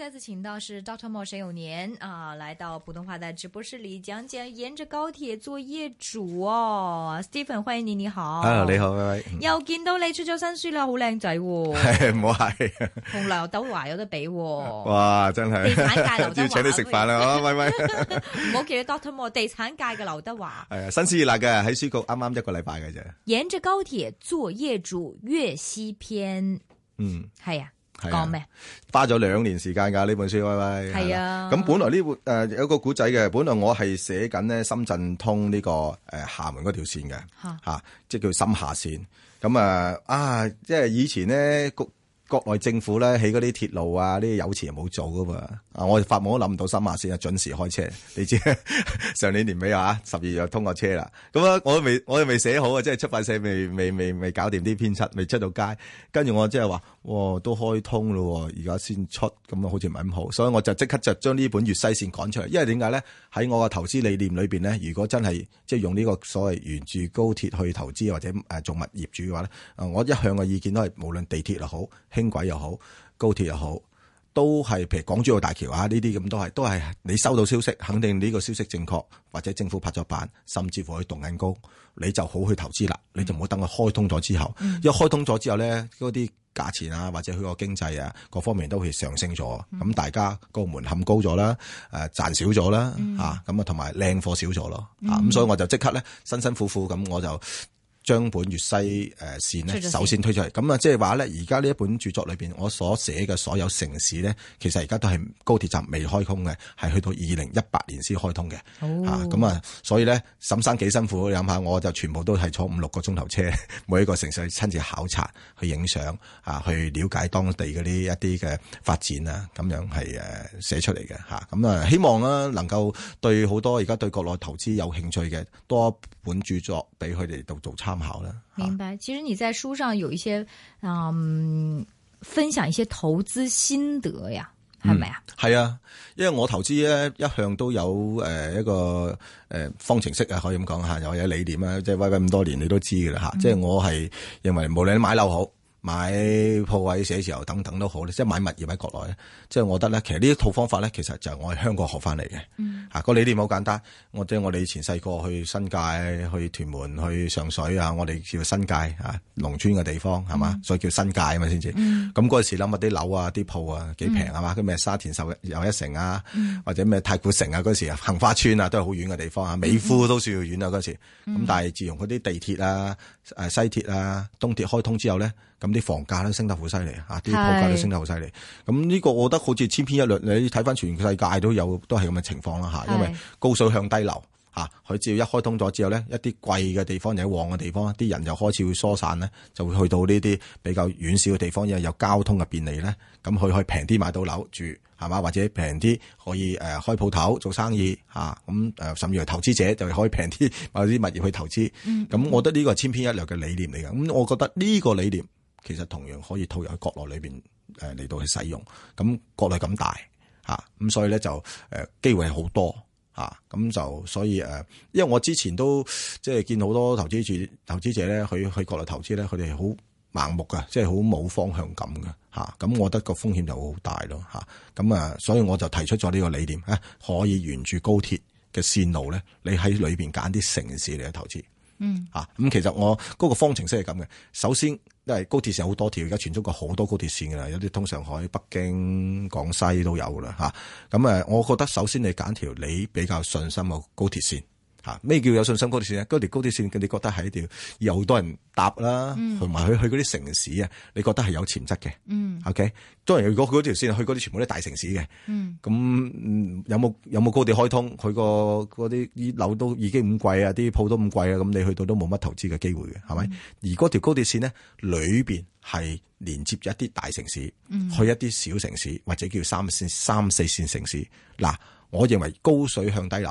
再次請到是 Dr. Moore 沈永年啊、呃，來到普通話的直播室裏講講沿着高鐵做業主、哦、Stephen 歡迎你。你好，啊，你好，拜拜又見到你出咗新書啦，好靚仔，係，唔好係，同劉德華有得比、哦，哇，真係，地產界劉德華 要請你食飯啦，喂 喂、啊，唔拜好 記得 Dr. Moore 地產界嘅劉德華，係新鮮熱辣嘅，喺書局啱啱一個禮拜嘅啫，沿着高鐵做業主粵西篇，嗯，係啊。講咩、啊？花咗兩年時間噶呢本書，威威係啊。咁、啊、本來呢本誒有個古仔嘅，本來我係寫緊咧深圳通呢、這個誒廈、呃、門嗰條線嘅，吓、啊，即係叫深廈線。咁啊啊，即係、啊、以前咧國內政府咧起嗰啲鐵路啊，呢啲有錢人冇做噶嘛？啊，我發夢都諗唔到三華線啊準時開車，你知上年年尾啊，十二月通個車啦。咁啊，我未我哋未寫好啊，即係出版社未未未未，未搞掂啲編輯，未出到街。跟住我即係話，哇，都開通咯，而家先出，咁啊好似唔係咁好。所以我就即刻就將呢本粵西線趕出嚟，因為點解咧？喺我嘅投資理念裏邊咧，如果真係即係用呢個所謂沿住高鐵去投資，或者誒做物業主嘅話咧，啊，我一向嘅意見都係無論地鐵又好。輕軌又好，高鐵又好，都係譬如港珠澳大橋啊，呢啲咁都係，都係你收到消息，肯定呢個消息正確，或者政府拍咗板，甚至乎佢動緊高，你就好去投資啦，嗯，你就唔好等佢開通咗之後，一，嗯、開通咗之後咧，嗰啲價錢啊，或者佢個經濟啊，各方面都會上升咗，咁、嗯、大家個門檻高咗啦，誒賺少咗啦，吓、嗯、咁啊，同埋靚貨少咗咯，嗯，啊咁所以我就即刻咧辛辛苦苦咁我就。將本粵西誒線首先推出嚟，咁啊，即係話咧，而家呢一本著作裏面我所寫嘅所有城市咧，其實而家都係高鐵站未開通嘅，係去到二零一八年先開通嘅。咁、哦、啊，所以咧，沈生幾辛苦，你諗下，我就全部都係坐五六個鐘頭車，每一個城市去親自考察、去影相、去了解當地嗰啲一啲嘅發展啊，咁樣係寫出嚟嘅，咁啊，希望啦能夠對好多而家對國內投資有興趣嘅，多本著作俾佢哋度做參考啦，明白。其實你在書上有一些，嗯，分享一些投資心得呀，係咪啊？係、嗯、啊，因為我投資咧一向都有誒一個誒方程式啊，可以咁講下，有有理念啦，即係威威咁多年你都知噶啦吓，即係我係認為無論你買樓好。買鋪位、寫字樓等等都好咧，即係買物業喺國內咧，即係我覺得咧，其實呢一套方法咧，其實就係我喺香港學翻嚟嘅。吓、嗯嗰個理念好簡單，我即係我哋以前細個去新界、去屯門、去上水啊，我哋叫新界啊，農村嘅地方係嘛、嗯，所以叫新界啊嘛先至。咁嗰時諗下啲樓啊、啲鋪啊幾平係嘛，咁咩、嗯嗯、沙田首又一城啊、嗯，或者咩太古城、嗯嗯、啊，嗰時杏花村啊都係好遠嘅地方啊，美孚都算遠啊嗰時。咁但係自從嗰啲地鐵啊、誒西鐵啊、東鐵開通之後咧。咁啲房價咧，升得好犀利，啲鋪價都升得好犀利。咁呢個我覺得好似千篇一律，你睇翻全世界都有都係咁嘅情況啦嚇。因為高水向低流，嚇，佢只要一開通咗之後咧，一啲貴嘅地方又旺嘅地方，啲人又開始會疏散咧，就會去到呢啲比較遠少嘅地方，又有交通嘅便利咧，咁佢可以平啲買到樓住係嘛，或者平啲可以誒開鋪頭做生意嚇，咁甚至係投資者就可以平啲買啲物業去投資。咁、嗯、我覺得呢個係千篇一律嘅理念嚟嘅。咁我覺得呢個理念。其實同樣可以套入喺國內裏邊誒嚟到去使用，咁國內咁大吓，咁所以咧就誒機會係好多吓，咁就所以誒，因為我之前都即係見好多投資者投資者咧，佢去國內投資咧，佢哋好盲目噶，即係好冇方向感噶吓，咁我覺得個風險就好大咯吓，咁啊，所以我就提出咗呢個理念，誒，可以沿住高鐵嘅線路咧，你喺裏邊揀啲城市嚟去投資，嗯，咁其實我嗰個方程式係咁嘅，首先。即係高鐵線好多條，而家全中國好多高鐵線㗎喇，有啲通上海、北京、廣西都有㗎喇吓。咁、啊、誒，我覺得首先你揀條你比較信心嘅高鐵線。吓，咩叫有信心高鐵線咧？條高鐵線，條高線你覺得係條有好多人搭啦，同、嗯、埋去去嗰啲城市啊，你覺得係有潛質嘅。嗯，OK，當然如果佢嗰條線去嗰啲全部都係大城市嘅，嗯，咁、嗯、有冇有冇高鐵開通？佢個嗰啲啲樓都已經咁貴啊，啲鋪都咁貴啊，咁你去到都冇乜投資嘅機會嘅，係咪、嗯？而嗰條高鐵線咧裏邊係連接咗一啲大城市，嗯、去一啲小城市或者叫三綫、三四綫城市。嗱，我認為高水向低流。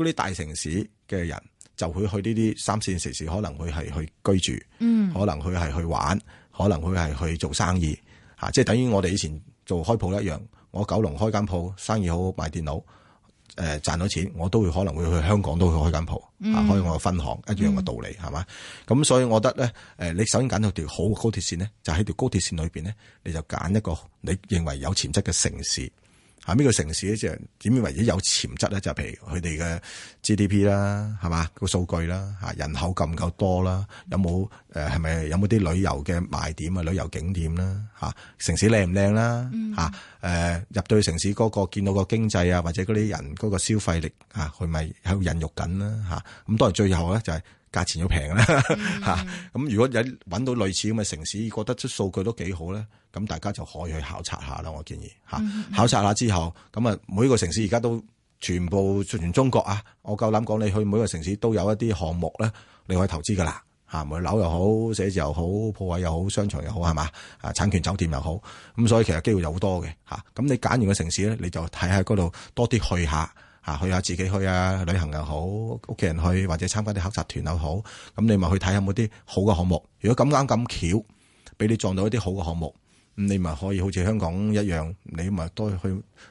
嗰啲大城市嘅人就會去呢啲三線城市，可能會係去居住，嗯、可能會係去玩，可能會係去做生意嚇、啊。即係等於我哋以前做開鋪一樣，我九龍開間鋪生意好好賣電腦，誒賺到錢，我都會可能會去香港都去開間鋪、嗯啊，開我嘅分行一樣嘅道理係嘛？咁、嗯、所以我覺得咧，誒、呃、你首先揀到條好嘅高鐵線咧，就喺、是、條高鐵線裏邊咧，你就揀一個你認為有潛質嘅城市。吓，呢個城市即係點樣為之有潛質咧？就係、譬如佢哋嘅 GDP 啦，係嘛個數據啦，吓，人口夠唔夠多啦、嗯？有冇誒，係咪有冇啲旅遊嘅賣點啊？旅遊景點啦，吓，城市靚唔靚啦？吓，誒入到去城市嗰、嗰個見到個經濟啊，或者嗰啲人嗰個消費力啊，佢咪喺度孕育緊啦？吓咁、啊、當然最後咧就係、係。價錢要平啦嚇，咁、嗯、 如果有搵到類似咁嘅城市，覺得出數據都幾好咧，咁大家就可以去考察下啦。我建議、嗯、考察下之後，咁啊每一個城市而家都全部全中國啊，我夠膽講你去每一個城市都有一啲項目咧，你可以投資噶啦嚇，樓樓又好，寫字又好，鋪位又好，商場又好係嘛啊，產權酒店又好，咁所以其實機會有好多嘅嚇。咁你揀完個城市咧，你就睇下嗰度多啲去下，吓去下自己去啊，旅行又好，屋企人去或者參加啲考察團又好，咁你咪去睇下有冇啲好嘅項目。如果咁啱咁巧，俾你撞到一啲好嘅項目，咁你咪可以好似香港一樣，你咪多去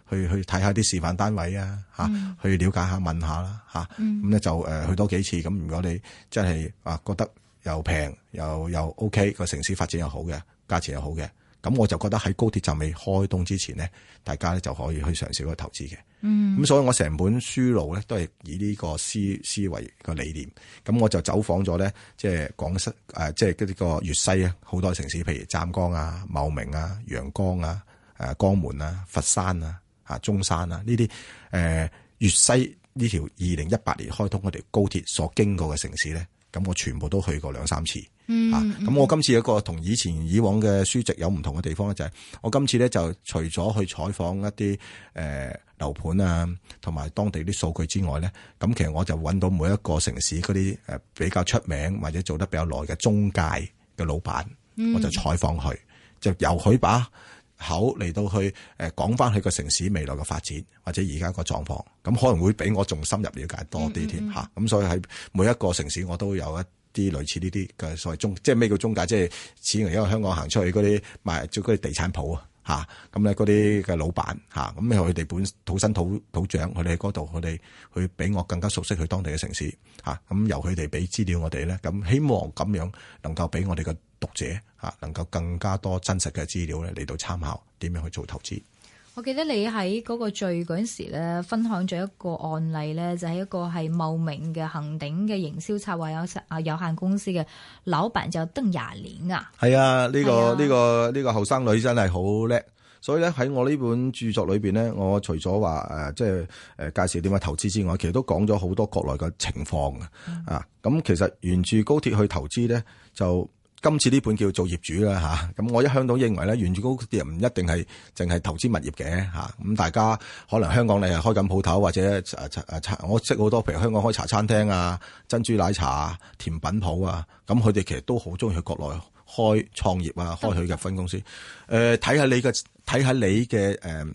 去去睇下啲示範單位啊，吓、啊嗯、去了解下問下啦，吓咁咧就誒去多幾次。咁如果你真係啊覺得又平又又 OK，個城市發展又好嘅，價錢又好嘅。咁我就覺得喺高鐵站未開通之前呢，大家咧就可以去嘗試一個投資嘅。嗯，咁所以我成本書路咧都係以呢個思思維個理念。咁我就走訪咗咧，即係廣西即係呢個個粵西啊，好多城市，譬如湛江啊、茂名啊、陽江啊、誒、啊、江門啊、佛山啊、啊中山啊，呢啲誒粵西呢條二零一八年開通嗰條高鐵所經過嘅城市咧。咁我全部都去過兩三次，嗯、啊！咁我今次有一個同以前以往嘅書籍有唔同嘅地方咧，就係、是、我今次咧就除咗去採訪一啲誒、呃、樓盤啊，同埋當地啲數據之外咧，咁其實我就揾到每一個城市嗰啲比較出名或者做得比較耐嘅中介嘅老闆、嗯，我就採訪佢，就由佢把。口嚟到去誒講翻佢個城市未來嘅發展，或者而家個狀況，咁可能會比我仲深入了解多啲添嚇。咁、嗯嗯、所以喺每一個城市，我都有一啲類似呢啲嘅所謂中，即係咩叫中介，即係始終因為香港行出去嗰啲賣，即係嗰啲地產鋪啊嚇。咁咧嗰啲嘅老闆嚇，咁佢哋本土生土土長，佢哋喺嗰度，佢哋去比我更加熟悉佢當地嘅城市嚇。咁由佢哋俾資料我哋咧，咁希望咁樣能夠俾我哋個。讀者啊，能夠更加多真實嘅資料咧嚟到參考，點樣去做投資？我記得你喺嗰個最嗰陣時咧，分享咗一個案例咧，就係、是、一個係茂名嘅恒鼎嘅營銷策劃有啊有限公司嘅老闆，就登廿年啊，係啊，呢、這個呢、啊這個呢、這個後生女真係好叻，所以咧喺我呢本著作裏邊呢，我除咗話誒，即係誒介紹點樣投資之外，其實都講咗好多國內嘅情況、嗯、啊。咁其實沿住高鐵去投資咧，就。今次呢盤叫做業業主啦，咁我一向都認為咧，原住高啲人唔一定係淨係投資物業嘅。咁大家可能香港你係開緊鋪頭，或者我識好多譬如香港開茶餐廳啊、珍珠奶茶、甜品鋪啊，咁佢哋其實都好中意去國內開創業啊，開佢嘅分公司。誒、呃，睇下你嘅睇下你嘅誒、呃、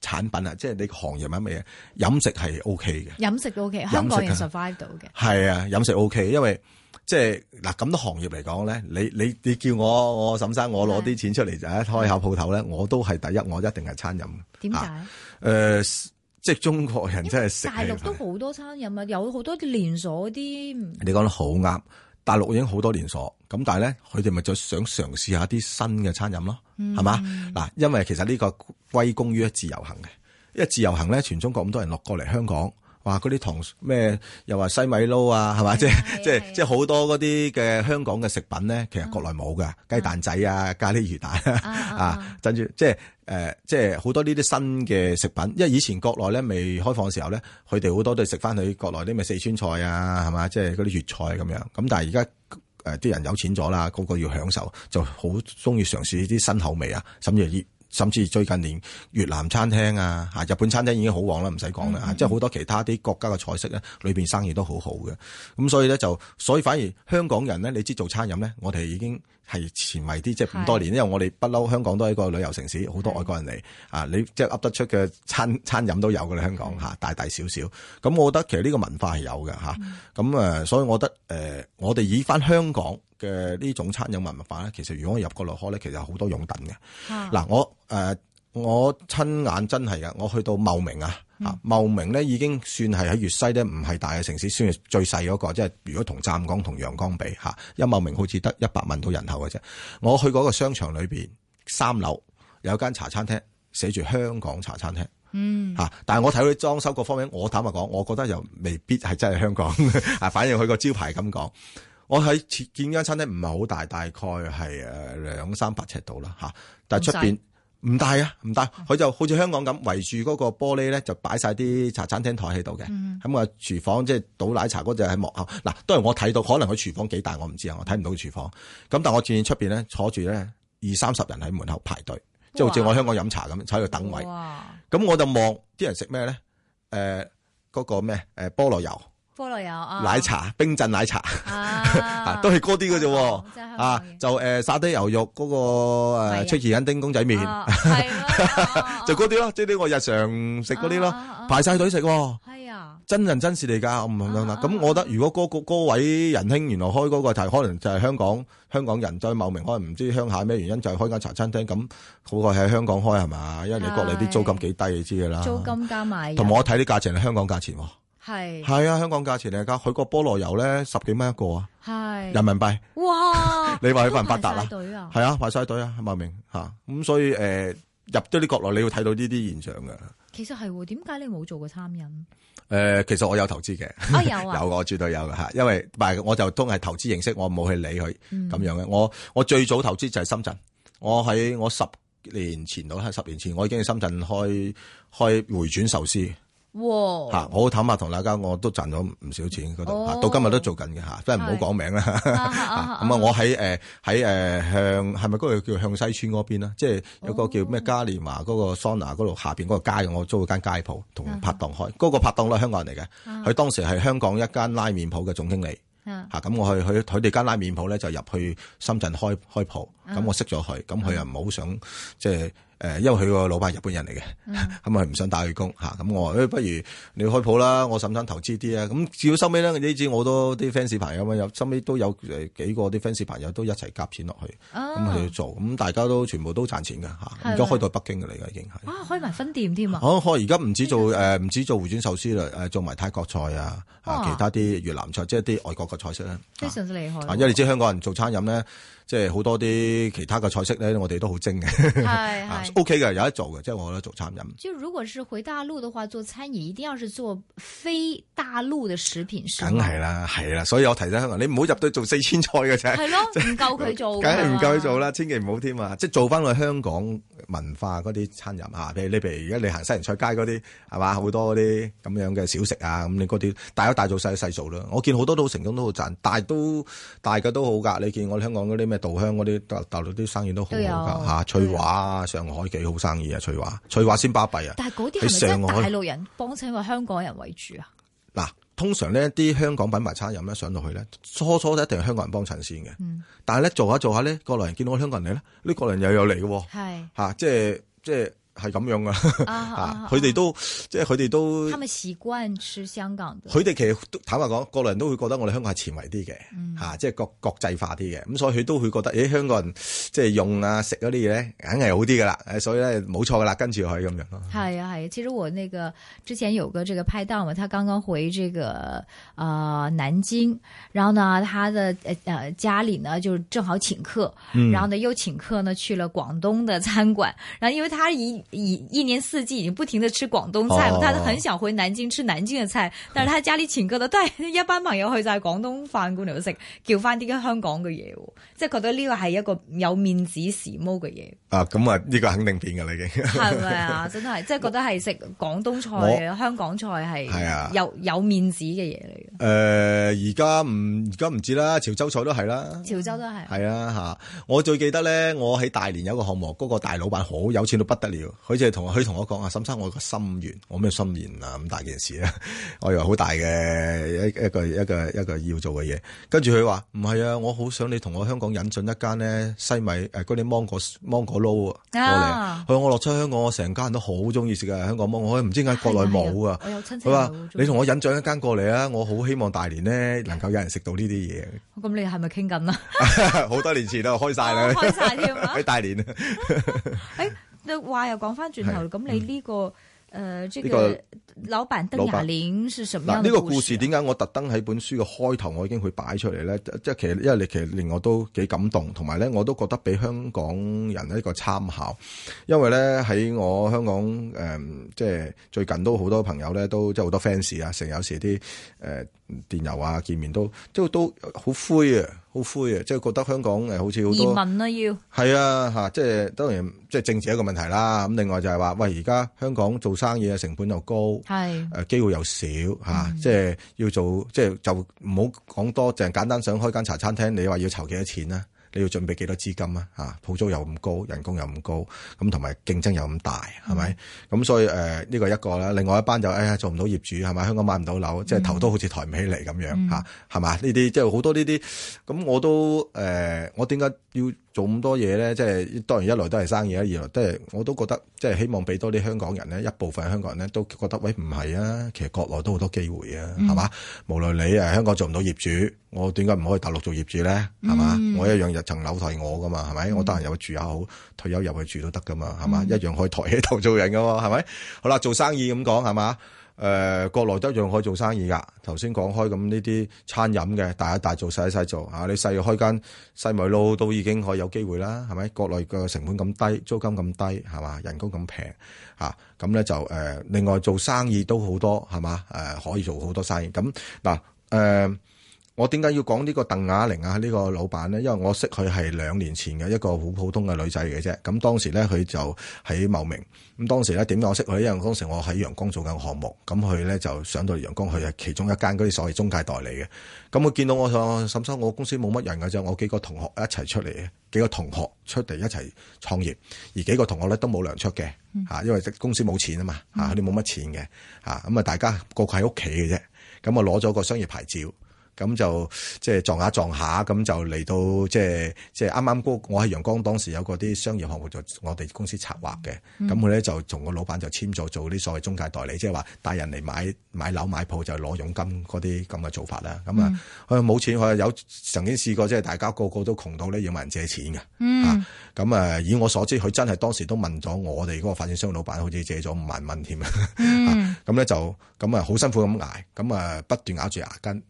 產品啊，即係你個行業係咩嘢，飲食係 O K 嘅，飲食 OK，香港人 survive 到嘅，係啊，啊，飲食 OK，因為。即係嗱，咁多行業嚟講咧，你你你叫我我沈生，我攞啲錢出嚟就開口鋪頭咧，我都係第一，我一定係餐飲。點解？誒、啊呃，即係中國人真係大陸都好多餐飲啊，有好多啲連鎖啲。你講得好啱，大陸已經好多連鎖，咁但係咧佢哋咪就想嘗試下啲新嘅餐飲咯，係、嗯、嘛？嗱，因為其實呢個歸功於自由行嘅，因為自由行咧，全中國咁多人落過嚟香港。哇！嗰啲糖咩？又話西米撈啊，係嘛？即係即係即係好多嗰啲嘅香港嘅食品咧，其實國內冇㗎。雞蛋仔啊、咖喱魚蛋啊，跟住即係誒，即係好多呢啲新嘅食品。因為以前國內咧未開放嘅時候咧，佢哋好多都食翻佢國內啲咪四川菜啊，係嘛？即係嗰啲粵菜咁樣。咁但係而家誒啲人有錢咗啦，個個要享受，就好中意嘗試啲新口味啊。甚至。甚至最近連越南餐廳啊、日本餐廳已經好旺啦，唔使講啦嚇，即係好多其他啲國家嘅菜式咧，裏面生意都好好嘅。咁所以咧就，所以反而香港人咧，你知做餐飲咧，我哋已經係前衞啲，即係咁多年，因為我哋不嬲香港都係一個旅遊城市，好多外國人嚟啊，你即係噏得出嘅餐餐飲都有嘅啦，香港大大小小。咁我覺得其實呢個文化係有嘅嚇，咁、嗯嗯啊、所以我覺得誒、呃，我哋以翻香港。嘅呢種餐飲文化咧，其實如果我入過落開咧，其實好多擁躉嘅。嗱、啊，我誒、呃、我親眼真係嘅，我去到茂名啊，茂名咧已經算係喺粵西咧，唔係大嘅城市，嗯、算係最細嗰、嗰個。即係如果同湛江同陽江比吓一茂名好似得一百萬到人口嘅啫。我去嗰個商場裏面，三樓有一間茶餐廳，寫住香港茶餐廳，嗯，但係我睇佢裝修個方面，我坦白講，我覺得又未必係真係香港。啊，反正佢個招牌咁講。我喺見間餐廳唔係好大，大概係誒、兩三百尺度啦，吓，但係出邊唔大啊，唔大。佢、嗯、就好似香港咁，圍住嗰個玻璃咧就擺晒啲茶餐廳台喺度嘅。咁、嗯、啊，廚、那個、房即係倒奶茶嗰隻喺幕後。嗱，當然我睇到，可能佢廚房幾大，我唔知啊，我睇唔到廚房。咁但係我見出邊咧坐住咧二三十人喺門口排隊，即係好似我香港飲茶咁，喺度等位。咁我就望啲人食咩咧？誒、呃、嗰、那個咩？誒、呃、菠蘿油。菠蘿油、奶茶、冰鎮奶茶，都係嗰啲嘅啫。啊，就誒，沙爹牛肉嗰個誒，出前一丁公仔麵，就嗰啲咯，即係啲我日常食嗰啲咯，排晒隊食。係啊，真人真事嚟噶，我唔明啦。咁我覺得如果嗰位仁兄原來開嗰個就係可能就係香港，香港人在茂名可能唔知鄉下咩原因就開間茶餐廳。咁好過喺香港開，係嘛？因為你國內啲租金幾低，你知噶啦。租金加埋同埋我睇啲價錢係香港價錢。係係啊，香港價錢嚟噶，佢個菠蘿油咧十幾蚊一個是啊，人民幣哇！你話有，有人發達啦，係啊，排晒隊啊，明唔明吓？咁所以誒、呃，入多啲國內，你會睇到呢啲現象噶。其實係點解你冇做過餐飲？誒、呃，其實我有投資嘅、啊，有啊， 有我絕對有嘅吓。因為但我就都係投資形式，我冇去理佢咁樣嘅。我我最早投資就係深圳，我喺我十年前到啦，十年前我已經喺深圳開開回轉壽司。哇！我好坦白同大家，我都賺咗唔少錢嗰度、哦、到今日都做緊嘅嚇，即係唔好講名啦咁啊， 啊，啊，啊，我喺誒喺向係咪嗰個叫向西村嗰邊、啊啊、即係有個叫咩嘉年華嗰個桑拿嗰度下面嗰個街，我租咗間街鋪同拍檔開。嗰、啊那個拍檔咧，都係香港人嚟嘅，佢、啊、當時係香港一間拉麵鋪嘅總經理嚇。咁、啊啊、我去去佢哋間拉麵鋪咧，就入去深圳開開鋪。咁、啊、我識咗佢，咁佢又唔好想即、啊就是誒，因為佢個老闆係日本人嚟嘅，咁咪唔想打佢工吓，咁、嗯啊、我話不如你開鋪啦，我想唔想投資啲啊？咁只要收尾咧，你知我都啲 fans 朋友有收尾都有誒幾個啲 fans 朋友都一齊夾錢落去，咁、哦、去做，咁、嗯、大家都全部都賺錢噶吓，而、啊、家開到北京嘅嚟嘅已經係，哇、啊啊，開埋分店添啊！哦、啊，開，而家唔止做誒，唔、啊、止做回轉壽司啦，誒、啊，做埋泰國菜啊、哦，啊，其他啲越南菜，即係啲外國嘅菜式咧，非常之厲害、啊啊。因為你知香港人做餐飲咧。即係好多啲其他嘅菜式咧，我哋都好精嘅，係 OK 嘅，有得做嘅。即係我覺得做餐飲。即係如果是回大陸嘅話，做餐飲一定要是做非大陸嘅食品。梗係啦，係啦，所以我提醒香港，你唔好入到做四川菜嘅啫。係咯，唔 夠佢做，梗係唔夠佢做啦。啊、千祈唔好添啊！即、就、係、是、做翻去香港文化嗰啲餐飲啊，譬如你譬如而家你行西洋菜街嗰啲係嘛，好多嗰啲咁樣嘅小食啊，咁你嗰啲大有大做，細有細做啦。我見好多都好成功，都好賺，大都大家都好㗎。你見我哋香港嗰啲稻香嗰啲，大陸啲生意都好㗎，吓，翠華啊，上海幾好生意啊，翠華，翠華先巴閉啊。但喺上海，大陸人幫襯個香港人為主啊。嗱，通常呢啲香港品牌餐飲咧上到去咧，初初咧一定係香港人幫襯先嘅。嗯，但係咧做下做下咧，國內人見到個香港人嚟咧，呢國內人又有嚟嘅喎。係、吓、即係即係。係咁樣噶，啊佢哋都即係佢哋都，他們習慣吃香港的。佢哋其實都坦白講，國內人都會覺得我哋香港係前衞啲嘅，嚇、嗯！即係國國際化啲嘅，咁所以佢都會覺得，咦，香港人即係用啊食嗰啲嘢咧，梗係好啲噶啦！誒，所以咧冇錯噶啦，跟住佢咁樣咯。係啊係啊，其實我那個之前有個這個拍檔嘛，他剛剛回這個啊、呃、南京，然後呢他的呃呃家裏呢就正好請客，然後呢、嗯、然後又請客呢去了廣東的餐館，然後因為他以一一年四季已經不停地吃廣東菜，佢、哦、係很想回南京吃南京嘅菜、哦，但是他家裡請客都係一班朋友去，就係廣東飯館嚟食，叫翻啲香港嘅嘢，即係覺得呢個係一個有面子時髦嘅嘢。啊，咁啊呢個肯定變噶啦已經。係咪啊，真係即係覺得係食廣東菜、香港菜係係啊有有面子嘅嘢嚟嘅。誒、呃，而家唔而家唔知啦，潮州菜都係啦，潮州都係。係啊吓，我最記得咧，我喺大連有個項目，嗰、那個大老闆好有錢到不得了。佢就係同佢同我講啊，沈生，我個心願，我咩心願啊咁大件事啊，我以為好大嘅一一個一個一個,一個要做嘅嘢。跟住佢話唔係啊，我好想你同我香港引進一間咧西米誒啲、啊、芒果芒果撈過嚟啊！佢話我落出香港，我成家人都好中意食嘅香港芒果，我唔知點解國內冇啊。佢話你同我引進一間過嚟啊！我好希望大連咧能夠有人食到呢啲嘢。咁你係咪傾緊啊？ 好多年前都開晒啦，開晒喺 大連啊。 話又講翻轉頭，咁你呢、這個誒，呢、嗯呃這個老闆登牙鏈是什麼？麼呢、啊這個故事點解我特登喺本書嘅開頭我已經會擺出嚟咧？即、就、係、是、其實因為其實令我都幾感動，同埋咧我都覺得俾香港人一個參考。因為咧喺我香港誒，即、呃、係、就是、最近都好多朋友咧都即係好多 fans 啊，成有時啲誒。呃電郵啊，見面都即係都好灰啊，好灰啊，即係覺得香港誒，好似好多移民要是啊，要係啊吓，即係當然即係政治一個問題啦。咁另外就係話，喂而家香港做生意嘅成本又高，係誒機會又少吓，啊嗯，即係要做即係就唔好講多，淨係簡單想開間茶餐廳，你話要籌幾多錢啊？你要準備幾多資金啊？嚇，鋪租又咁高，人工又咁高，咁同埋競爭又咁大，係咪？咁、嗯、所以誒，呢、呃呢個一個啦，另外一班就誒、哎、做唔到業主係咪？香港買唔到樓，即係頭都好似抬唔起嚟咁樣吓係嘛？呢啲即係好多呢啲，咁我都誒、呃，我點解要？做咁多嘢咧，即係當然一來都係生意啦，二來都係我都覺得即係希望俾多啲香港人咧，一部分香港人咧都覺得喂唔係啊，其實國內都好多機會啊，係、嗯、嘛？無論你誒香港做唔到業主，我點解唔可以大陸做業主咧？係嘛、嗯？我一樣日層樓提我噶嘛，係咪？我得閒入去住又好、嗯，退休入去住都得噶嘛，係嘛？一樣可以抬起頭做人噶喎，係咪？好啦，做生意咁講係嘛？誒、呃，國內都一樣可以做生意噶。頭先講開咁呢啲餐飲嘅大一大做細一細做啊，你細開間西米露都已經可以有機會啦，係咪？國內嘅成本咁低，租金咁低，係嘛，人工咁平吓，咁、啊、咧，就誒、呃，另外做生意都好多係嘛，誒、呃，可以做好多生意。咁嗱，誒、呃。我點解要講呢個鄧雅玲啊？呢個老闆咧，因為我識佢係兩年前嘅一個好普通嘅女仔嘅啫。咁當時咧，佢就喺茂名咁。當時咧點解我識佢？因為當時我喺陽光做緊項目，咁佢咧就上到陽光去，係其中一間嗰啲所謂中介代理嘅。咁佢見到我說，想想我，我公司冇乜人㗎啫，我幾個同學一齊出嚟嘅，幾個同學出嚟一齊創業，而幾個同學咧都冇糧出嘅吓、嗯，因為公司冇錢啊嘛吓，佢哋冇乜錢嘅吓，咁啊，大家個個喺屋企嘅啫。咁啊，攞咗個商業牌照。咁就即係、就是、撞下撞下，咁就嚟到即係即係啱啱我喺陽江當時有嗰啲商業項目就我哋公司策劃嘅，咁佢咧就同個老闆就簽咗做啲所謂中介代理，即係話帶人嚟買買樓買鋪就攞佣金嗰啲咁嘅做法啦。咁、mm. 啊，佢冇錢，佢有曾經試過，即、就、係、是、大家個個都窮到咧要問人借錢嘅。嗯。咁啊，以我所知，佢真係當時都問咗我哋嗰個發展商老闆，好似借咗五萬蚊添。嗯。咁咧就咁啊，好辛苦咁捱，咁啊不斷咬住牙根。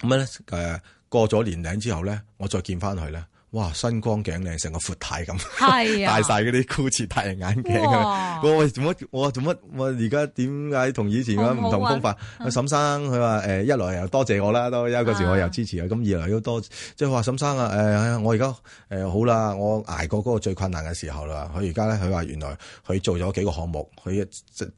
咁咧，誒過咗年齡之後咧，我再見翻佢咧，哇，身光頸靚，成個闊太咁、啊，戴晒嗰啲高級太陽眼鏡嘅，我做乜？我做乜？我而家點解同以前嘅唔同方法？啊、沈生佢話誒，一來又多謝我啦，都有一時我又支持佢，咁、啊、二來都多，即係話沈生啊，誒，我而家誒好啦，我捱過嗰個最困難嘅時候啦，佢而家咧，佢話原來佢做咗幾個項目，佢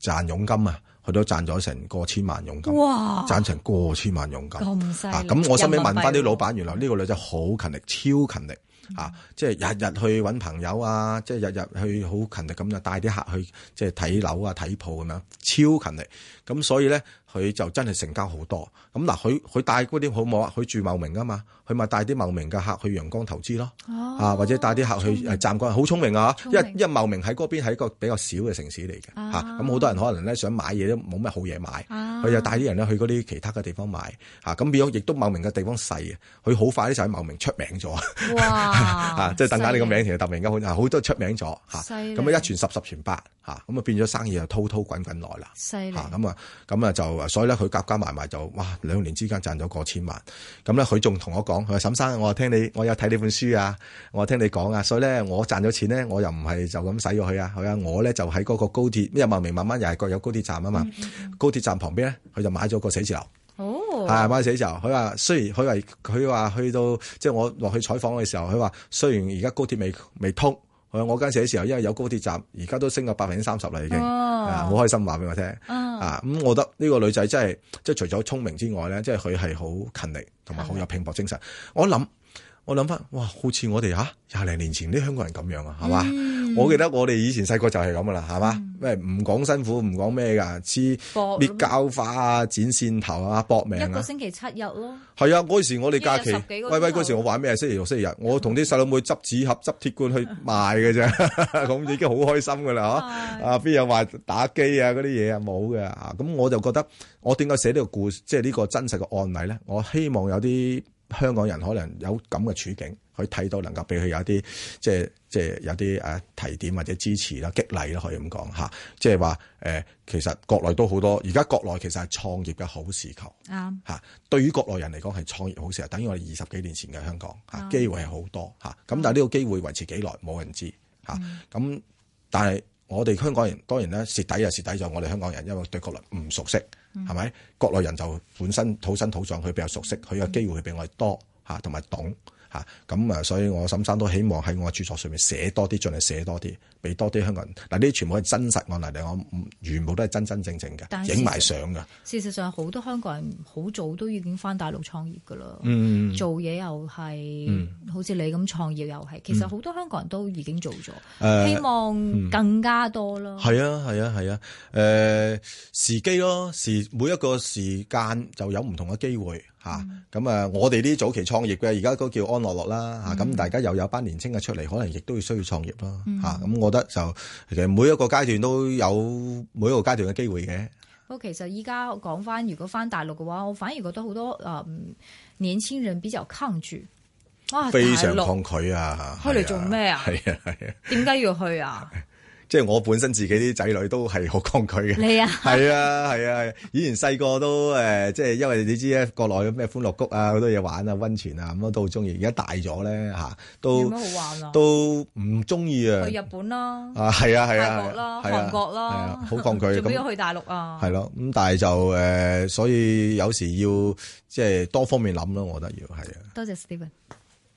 賺佣金啊！佢都賺咗成過千萬佣金，哇，賺成過千萬佣金，咁犀利。咁、啊、我先問返啲老闆，啊、原來呢個女仔好勤力，超勤力，嚇、啊，即係日日去揾朋友啊，即係日日去好勤力咁就帶啲客去即係睇樓啊、睇鋪咁樣，超勤力。咁、啊、所以咧。佢就真係成交好多，咁嗱，佢佢帶嗰啲好唔好啊，佢住茂名噶嘛，佢咪帶啲茂名嘅客去陽江投資咯，啊，或者帶啲客去湛江，好、啊、聰，聰明啊，因為因為茂名喺嗰邊係一個比較少嘅城市嚟嘅，嚇、啊，咁、啊、好多人可能咧想買嘢都冇乜好嘢買，佢、啊、就帶啲人咧去嗰啲其他嘅地方買，嚇、啊，咁變咗亦都茂名嘅地方細啊，佢好快咧就喺茂名出名咗，即係等緊你個名，名，名，其實特別鳴鳩，好多出名咗，嚇，咁啊一傳十十傳百，嚇、啊，咁啊變咗生意就滔滔滾滾來啦，嚇，咁啊咁啊就。所以咧，佢夾夾埋埋就哇，兩年之間賺咗過千萬。咁咧，佢仲同我講：佢話沈生，我聽你，我有睇你本書啊，我聽你講啊。所以咧，我賺咗錢咧，我又唔係就咁使咗佢啊。佢話我咧就喺嗰個高鐵，因為茂名慢慢又係各有高鐵站啊嘛。嗯嗯高鐵站旁邊咧，佢就買咗個寫字樓。哦，係買寫字樓。佢話雖然佢話佢話去到即係我落去採訪嘅時候，佢話雖然而家高鐵未未通，佢話我間寫字樓因為有高鐵站，而家都升咗百分之三十啦已經。啊、嗯！好開心話俾我聽，嗯，啊咁，我覺得呢個女仔真係即係除咗聰明之外咧，即係佢係好勤力同埋好有拼搏精神。我諗我諗翻，哇！好似我哋吓廿零年前啲香港人咁樣啊，係、嗯、嘛？我記得我哋以前細個就係咁噶啦，係、嗯、嘛？咩唔講辛苦，唔講咩噶？黐膠花啊，剪線頭啊，搏命，一個星期七日咯。係啊，嗰時我哋假期，威威嗰時我玩咩星期六、星期日，我同啲細佬妹執紙盒、執鐵罐去賣嘅啫，咁 已經好開心噶啦～啊邊有話打機啊？嗰啲嘢啊冇嘅。咁我就覺得，我點解寫呢個故事，即係呢個真實嘅案例咧？我希望有啲香港人可能有咁嘅處境。佢睇到能夠俾佢有一啲，即係即係有啲誒提點或者支持啦、激勵啦，可以咁講嚇。即係話誒，其實國內都好多，而家國內其實係創業嘅好事求啱嚇、嗯。對於國內人嚟講係創業好事，等於我哋二十幾年前嘅香港嚇，機會係好多嚇。咁、嗯、但係呢個機會維持幾耐冇人知嚇。咁、嗯、但係我哋香港人當然咧蝕底又蝕底，就我哋香港人因為對國內唔熟悉係咪、嗯？國內人就本身土生土長，佢比較熟悉，佢、嗯、嘅機會比我哋多嚇，同埋懂。嚇咁啊！所以我沈生都希望喺我嘅著作上面寫多啲，盡量寫多啲，俾多啲香港人嗱，呢啲全部係真實案例嚟，我全部都係真真正正嘅，但係影埋相㗎。事實上，好多香港人好早都已經返大陸創業㗎啦、嗯，做嘢又係好似你咁創業又係，其實好多香港人都已經做咗、嗯，希望更加多咯。係、嗯、啊，係啊，係啊！誒、啊呃、時機咯，時每一個時間就有唔同嘅機會。吓咁啊！我哋啲早期創業嘅，而家都叫安樂樂啦嚇，咁大家又有班年青嘅出嚟，可能亦都要需要創業咯嚇。咁、嗯啊、我覺得就其實每一個階段都有每一個階段嘅機會嘅。不過其實依家講翻，如果翻大陸嘅話，我反而覺得好多啊年輕人比較抗拒啊，非常抗拒啊，去嚟做咩啊？係啊係啊，點解要去啊？ 即係我本身自己啲仔女都係好抗拒嘅。你啊，係啊，係啊,啊。以前細個都誒，即係因為你知咧，國內咩歡樂谷啊，多啊好多嘢玩啊，温泉啊，咁都好中意。而家大咗咧，吓都冇乜好玩都唔中意啊。去日本啦，啊，係啊，係啊，泰國啦，韓、啊、國啦，好、啊啊、抗拒。做唔到去大陸啊。係咯、啊，咁但係就誒，所以有時要即係、就是、多方面諗咯，我覺得要係啊。多謝,謝 Steven